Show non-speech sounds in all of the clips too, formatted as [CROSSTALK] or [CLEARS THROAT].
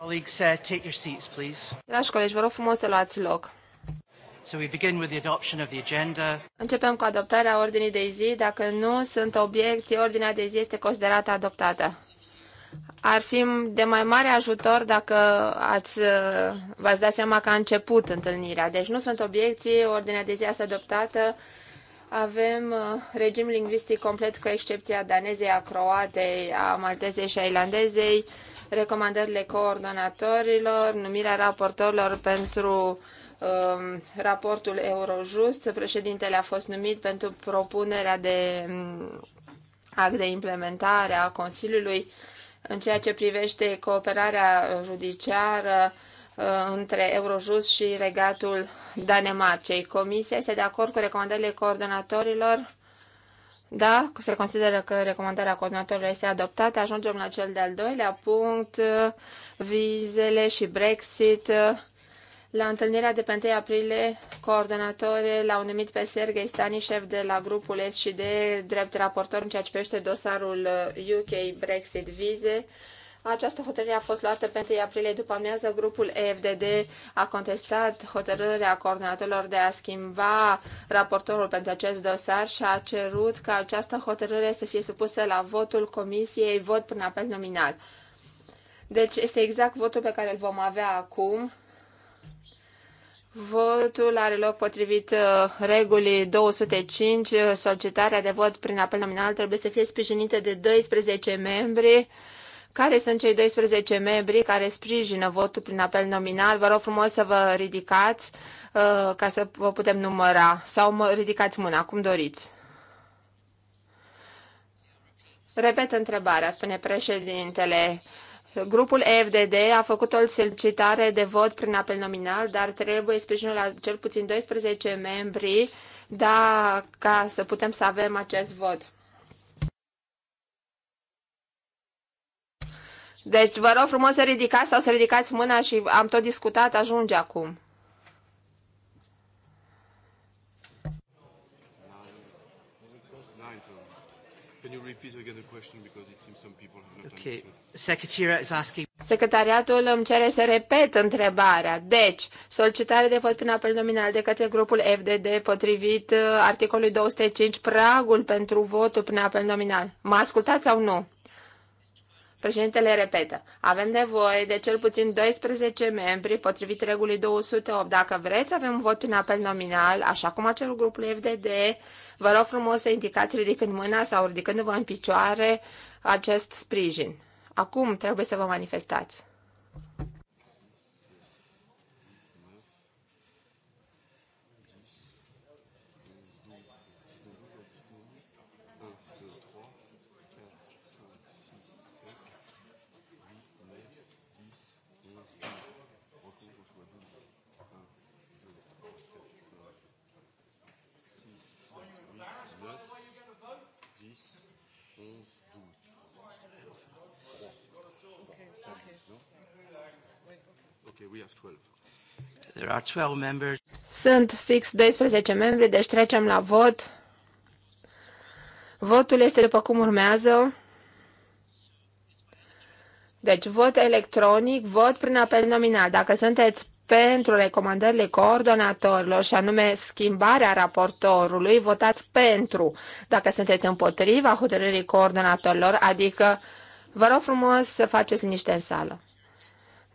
Uh, Dragi colegi, vă rog frumos să luați loc. So we begin with the adoption of the agenda. Începem cu adoptarea ordinii de zi. Dacă nu sunt obiecții, ordinea de zi este considerată adoptată. Ar fi de mai mare ajutor dacă ați, uh, v-ați dat seama că a început întâlnirea. Deci nu sunt obiecții, ordinea de zi este adoptată avem uh, regim lingvistic complet cu excepția danezei, a croatei, a maltezei și a irlandezei, recomandările coordonatorilor, numirea raportorilor pentru um, raportul Eurojust. Președintele a fost numit pentru propunerea de mm, act de implementare a Consiliului în ceea ce privește cooperarea judiciară, Uh, între Eurojust și regatul Danemarcei. Comisia este de acord cu recomandările coordonatorilor? Da, se consideră că recomandarea coordonatorilor este adoptată. Ajungem la cel de-al doilea punct, uh, vizele și Brexit. Uh, la întâlnirea de pe 1 aprilie, coordonatorii l-au numit pe Sergei Stanishev de la grupul S și de drept raportor în ceea ce privește dosarul UK Brexit vize această hotărâre a fost luată pe 1 aprilie după amiază. Grupul EFDD a contestat hotărârea coordonatorilor de a schimba raportorul pentru acest dosar și a cerut ca această hotărâre să fie supusă la votul comisiei, vot prin apel nominal. Deci este exact votul pe care îl vom avea acum. Votul are loc potrivit uh, regulii 205. Uh, solicitarea de vot prin apel nominal trebuie să fie sprijinită de 12 membri care sunt cei 12 membri care sprijină votul prin apel nominal? Vă rog frumos să vă ridicați uh, ca să vă putem număra sau mă ridicați mâna, cum doriți. Repet întrebarea, spune președintele. Grupul EFDD a făcut o solicitare de vot prin apel nominal, dar trebuie sprijinul la cel puțin 12 membri da, ca să putem să avem acest vot. Deci vă rog frumos să ridicați sau să ridicați mâna și am tot discutat, ajunge acum. Okay. Secretariatul îmi cere să repet întrebarea. Deci, solicitare de vot prin apel nominal de către grupul FDD potrivit uh, articolului 205, pragul pentru votul prin apel nominal. Mă ascultați sau nu? Președintele repetă, avem nevoie de cel puțin 12 membri potrivit regulii 208. Dacă vreți, avem un vot prin apel nominal, așa cum a cerut grupul FDD. Vă rog frumos să indicați ridicând mâna sau ridicându-vă în picioare acest sprijin. Acum trebuie să vă manifestați. Sunt fix 12 membri, deci trecem la vot. Votul este după cum urmează. Deci vot electronic, vot prin apel nominal. Dacă sunteți pentru recomandările coordonatorilor și anume schimbarea raportorului, votați pentru. Dacă sunteți împotriva hotărârii coordonatorilor, adică vă rog frumos să faceți niște în sală.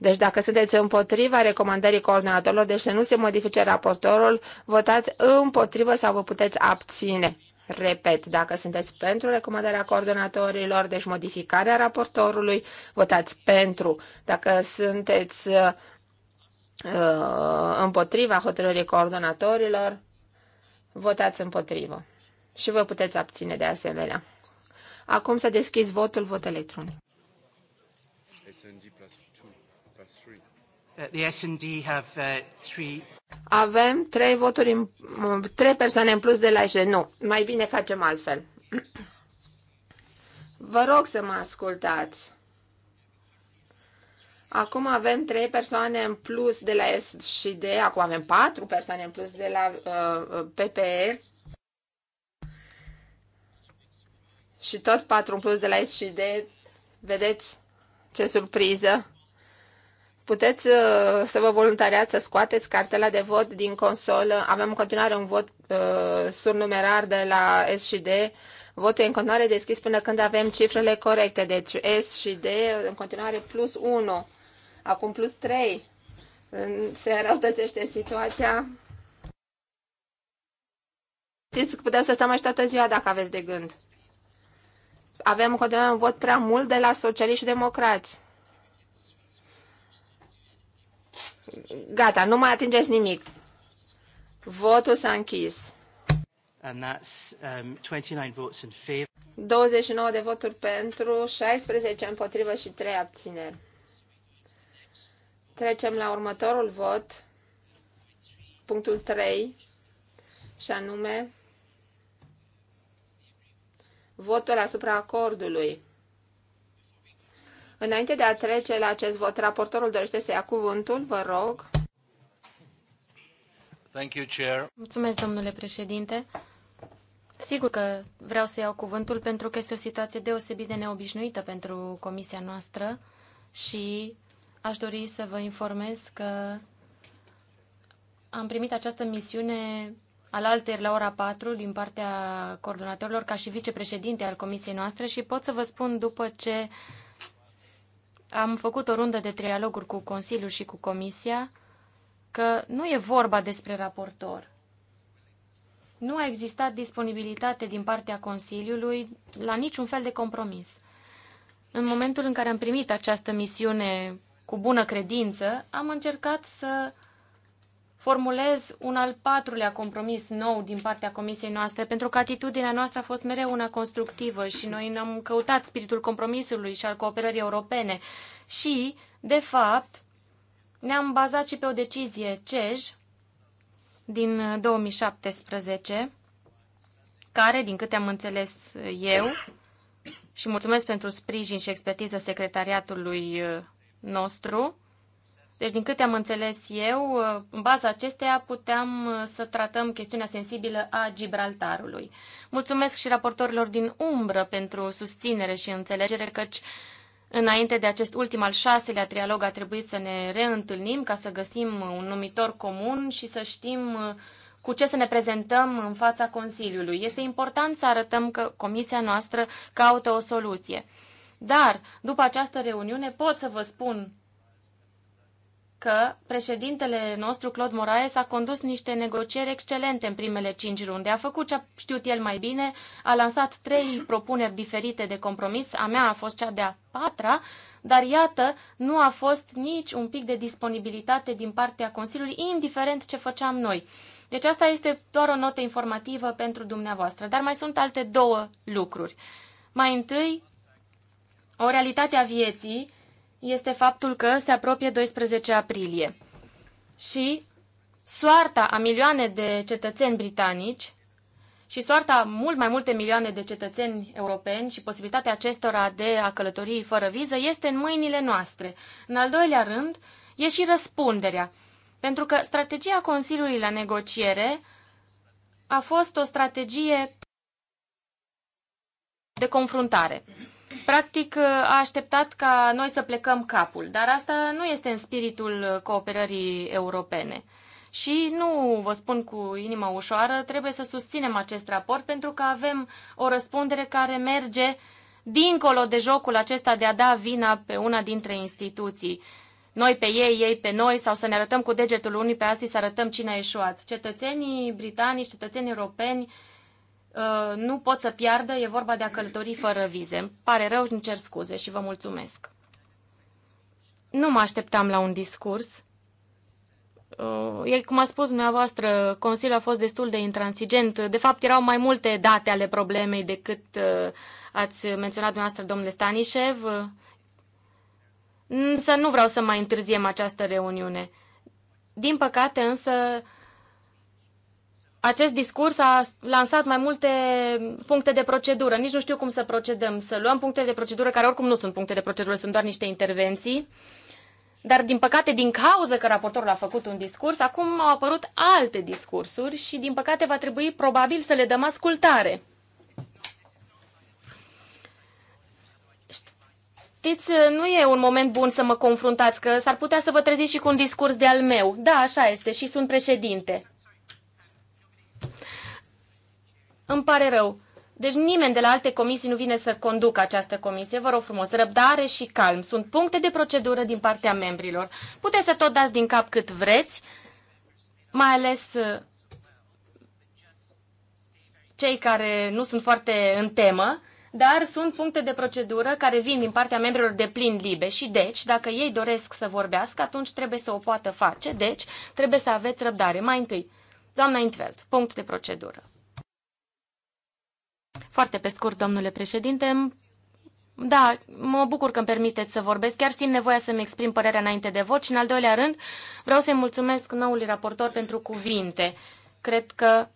Deci dacă sunteți împotriva recomandării coordonatorilor, deci să nu se modifice raportorul, votați împotrivă sau vă puteți abține. Repet, dacă sunteți pentru recomandarea coordonatorilor, deci modificarea raportorului, votați pentru. Dacă sunteți uh, împotriva hotărârii coordonatorilor, votați împotrivă. Și vă puteți abține de asemenea. Acum să deschizi votul, vot electronic. Uh, uh, avem trei voturi, uh, trei persoane în plus de la S&D. Nu, mai bine facem altfel. [CLEARS THROAT] Vă rog să mă ascultați. Acum avem trei persoane în plus de la S&D. și acum avem patru persoane în plus de la uh, PPE și tot patru în plus de la S&D. Vedeți ce surpriză! Puteți uh, să vă voluntariați să scoateți cartela de vot din consolă. Avem în continuare un vot uh, surnumerar de la S și D. Votul e în continuare deschis până când avem cifrele corecte. Deci S și D în continuare plus 1. Acum plus 3. Se răutățește situația. Știți că puteam să stăm aici toată ziua dacă aveți de gând. Avem în continuare un vot prea mult de la socialiști și democrați. Gata, nu mai atingeți nimic. Votul s-a închis. And that's, um, 29, votes in favor. 29 de voturi pentru, 16 împotrivă și 3 abțineri. Trecem la următorul vot, punctul 3, și anume votul asupra acordului. Înainte de a trece la acest vot, raportorul dorește să ia cuvântul, vă rog. Thank you, Chair. Mulțumesc, domnule președinte. Sigur că vreau să iau cuvântul pentru că este o situație deosebit de neobișnuită pentru comisia noastră și aș dori să vă informez că am primit această misiune alter la ora 4 din partea coordonatorilor ca și vicepreședinte al comisiei noastre și pot să vă spun după ce uh, am făcut o rundă de trialoguri cu Consiliul și cu Comisia, că nu e vorba despre raportor. Nu a existat disponibilitate din partea Consiliului la niciun fel de compromis. În momentul în care am primit această misiune cu bună credință, am încercat să formulez un al patrulea compromis nou din partea comisiei noastre, pentru că atitudinea noastră a fost mereu una constructivă și noi ne-am căutat spiritul compromisului și al cooperării europene. Și, de fapt, ne-am bazat și pe o decizie CEJ din 2017, care, din câte am înțeles eu, și mulțumesc pentru sprijin și expertiză secretariatului nostru, deci, din câte am înțeles eu, în baza acesteia puteam uh, să tratăm chestiunea sensibilă a Gibraltarului. Mulțumesc și raportorilor din umbră pentru susținere și înțelegere, căci Înainte de acest ultim al șaselea trialog a trebuit să ne reîntâlnim ca să găsim un numitor comun și să știm uh, cu ce să ne prezentăm în fața Consiliului. Este important să arătăm că comisia noastră caută o soluție. Dar, după această reuniune, pot să vă spun că președintele nostru, Claude Moraes, a condus niște negocieri excelente în primele cinci runde. A făcut ce a știut el mai bine, a lansat trei propuneri diferite de compromis, a mea a fost cea de-a patra, dar iată, nu a fost nici un pic de disponibilitate din partea Consiliului, indiferent ce făceam noi. Deci asta este doar o notă informativă pentru dumneavoastră, dar mai sunt alte două lucruri. Mai întâi, o realitate a vieții, este faptul că se apropie 12 aprilie și soarta a milioane de cetățeni britanici și soarta mult mai multe milioane de cetățeni europeni și posibilitatea acestora de a călători fără viză este în mâinile noastre. În al doilea rând, e și răspunderea. Pentru că strategia Consiliului la negociere a fost o strategie de confruntare. Practic uh, a așteptat ca noi să plecăm capul, dar asta nu este în spiritul cooperării europene. Și nu vă spun cu inima ușoară, trebuie să susținem acest raport pentru că avem o răspundere care merge dincolo de jocul acesta de a da vina pe una dintre instituții. Noi pe ei, ei pe noi, sau să ne arătăm cu degetul unii pe alții, să arătăm cine a ieșuat. Cetățenii britanici, cetățenii europeni, Uh, nu pot să piardă, e vorba de a călători fără vize. Îmi pare rău, îmi cer scuze și vă mulțumesc. Nu mă așteptam la un discurs. Uh, e, cum a spus dumneavoastră, Consiliul a fost destul de intransigent. De fapt, erau mai multe date ale problemei decât uh, ați menționat dumneavoastră, domnule Stanișev. Însă nu vreau să mai întârziem această reuniune. Din păcate, însă, acest discurs a lansat mai multe puncte de procedură. Nici nu știu cum să procedăm. Să luăm puncte de procedură care oricum nu sunt puncte de procedură, sunt doar niște intervenții. Dar, din păcate, din cauza că raportorul a făcut un discurs, acum au apărut alte discursuri și, din păcate, va trebui probabil să le dăm ascultare. Știți, nu e un moment bun să mă confruntați, că s-ar putea să vă treziți și cu un discurs de al meu. Da, așa este și sunt președinte. Îmi pare rău. Deci nimeni de la alte comisii nu vine să conducă această comisie. Vă rog frumos, răbdare și calm. Sunt puncte de procedură din partea membrilor. Puteți să tot dați din cap cât vreți, mai ales uh, cei care nu sunt foarte în temă, dar sunt puncte de procedură care vin din partea membrilor de plin libe și deci, dacă ei doresc să vorbească, atunci trebuie să o poată face, deci trebuie să aveți răbdare. Mai întâi, doamna Intveld, punct de procedură. Foarte pe scurt, domnule președinte, da, mă bucur că îmi permiteți să vorbesc. Chiar simt nevoia să-mi exprim părerea înainte de vot și, în al doilea rând, vreau să-i mulțumesc noului raportor pentru cuvinte. Cred că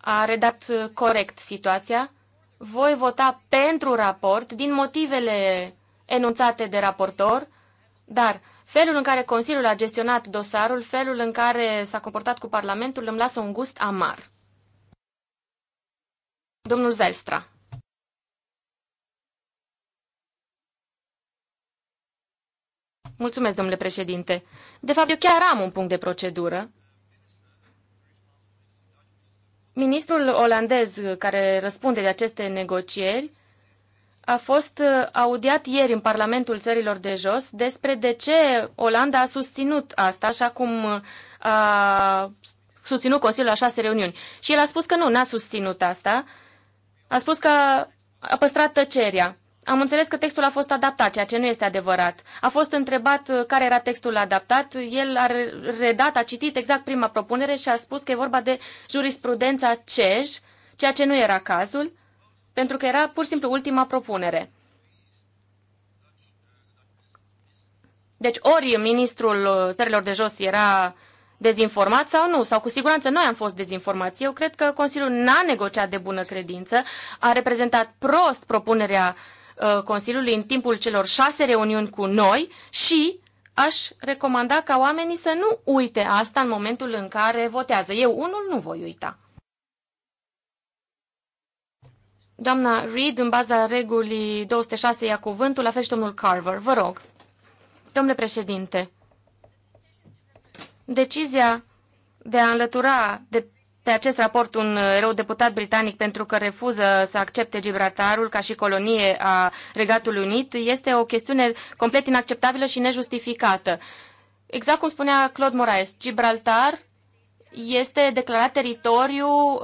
a redat corect situația. Voi vota pentru raport din motivele enunțate de raportor, dar felul în care Consiliul a gestionat dosarul, felul în care s-a comportat cu Parlamentul îmi lasă un gust amar. Domnul Zelstra. Mulțumesc, domnule președinte. De fapt, eu chiar am un punct de procedură. Ministrul olandez care răspunde de aceste negocieri a fost uh, audiat ieri în Parlamentul Țărilor de Jos despre de ce Olanda a susținut asta, așa cum uh, a susținut Consiliul la șase reuniuni. Și el a spus că nu, n-a susținut asta, a spus că a păstrat tăcerea. Am înțeles că textul a fost adaptat, ceea ce nu este adevărat. A fost întrebat uh, care era textul adaptat, el a redat, a citit exact prima propunere și a spus că e vorba de jurisprudența CEJ, ceea ce nu era cazul, pentru că era pur și simplu ultima propunere. Deci ori ministrul țărilor uh, de jos era dezinformat sau nu, sau cu siguranță noi am fost dezinformați. Eu cred că Consiliul n-a negociat de bună credință, a reprezentat prost propunerea uh, Consiliului în timpul celor șase reuniuni cu noi și aș recomanda ca oamenii să nu uite asta în momentul în care votează. Eu unul nu voi uita. Doamna Reid, în baza regulii 206, ia cuvântul, la fel și domnul Carver. Vă rog. Domnule președinte, Decizia de a înlătura de pe acest raport un eurodeputat uh, britanic pentru că refuză să accepte Gibraltarul ca și colonie a Regatului Unit este o chestiune complet inacceptabilă și nejustificată. Exact cum spunea Claude Moraes, Gibraltar este declarat teritoriu uh,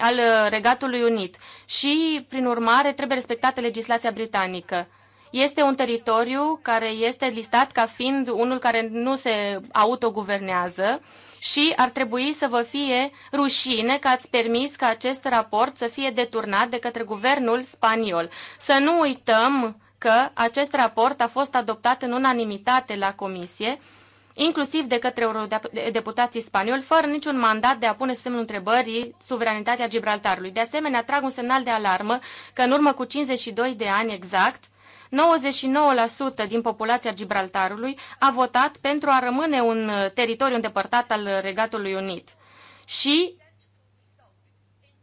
al Regatului Unit și, prin urmare, trebuie respectată legislația britanică. Este un teritoriu care este listat ca fiind unul care nu se autoguvernează și ar trebui să vă fie rușine că ați permis ca acest raport să fie deturnat de către guvernul spaniol. Să nu uităm că acest raport a fost adoptat în unanimitate la comisie, inclusiv de către eurodeputații spanioli, fără niciun mandat de a pune semnul întrebării suveranitatea Gibraltarului. De asemenea, trag un semnal de alarmă că în urmă cu 52 de ani exact, 99% din populația Gibraltarului a votat pentru a rămâne un uh, teritoriu îndepărtat al Regatului Unit. Și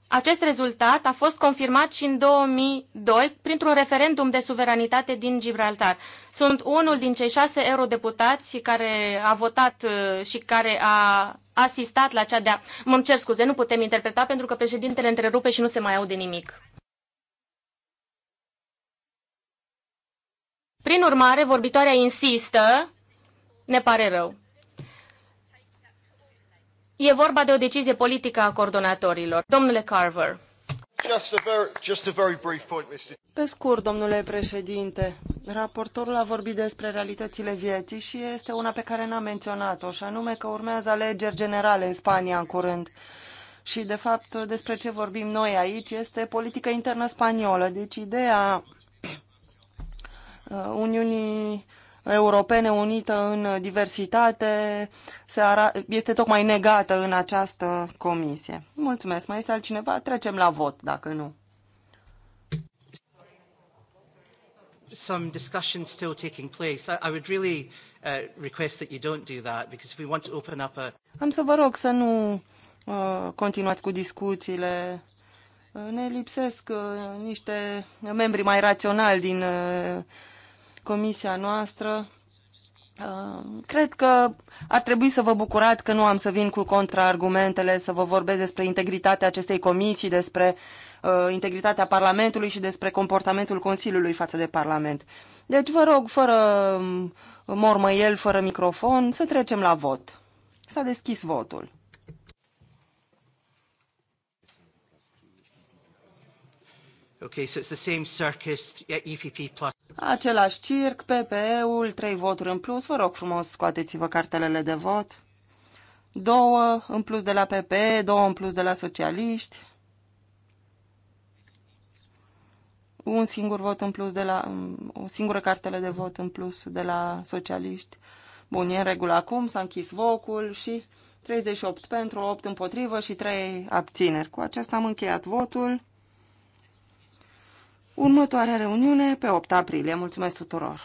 acest rezultat a fost confirmat și în 2002 printr-un referendum de suveranitate din Gibraltar. Sunt unul din cei șase eurodeputați care a votat uh, și care a asistat la cea de-a... Mă cer scuze, nu putem interpreta pentru că președintele întrerupe și nu se mai aude nimic. Prin urmare, vorbitoarea insistă, ne pare rău. E vorba de o decizie politică a coordonatorilor. Domnule Carver. Pe scurt, domnule președinte, raportorul a vorbit despre realitățile vieții și este una pe care n-a menționat-o, și anume că urmează alegeri generale în Spania în curând. Și, de fapt, despre ce vorbim noi aici este politică internă spaniolă. Deci, ideea Uh, Uniunii Europene unită în diversitate se ara- este tocmai negată în această comisie. Mulțumesc. Mai este altcineva? Trecem la vot, dacă nu. some discussion still taking place. I, I would really uh, request that you don't do that because if we want to open up a Am să vă rog să nu uh, continuați cu discuțiile. Uh, ne lipsesc uh, niște membri mai raționali din uh, comisia noastră. Uh, cred că ar trebui să vă bucurați că nu am să vin cu contraargumentele, să vă vorbesc despre integritatea acestei comisii, despre uh, integritatea Parlamentului și despre comportamentul Consiliului față de Parlament. Deci vă rog, fără um, mormăiel, fără microfon, să trecem la vot. S-a deschis votul. Okay, so it's the same circus, EPP plus. Același circ, PPE-ul, trei voturi în plus. Vă rog frumos, scoateți-vă cartelele de vot. Două în plus de la PP, două în plus de la socialiști. Un singur vot în plus de la... Um, o singură cartelă de vot în plus de la socialiști. Bun, e în regulă acum, s-a închis vocul și 38 pentru, 8 împotrivă și 3 abțineri. Cu aceasta am încheiat votul. Următoarea reuniune pe 8 aprilie. Mulțumesc tuturor!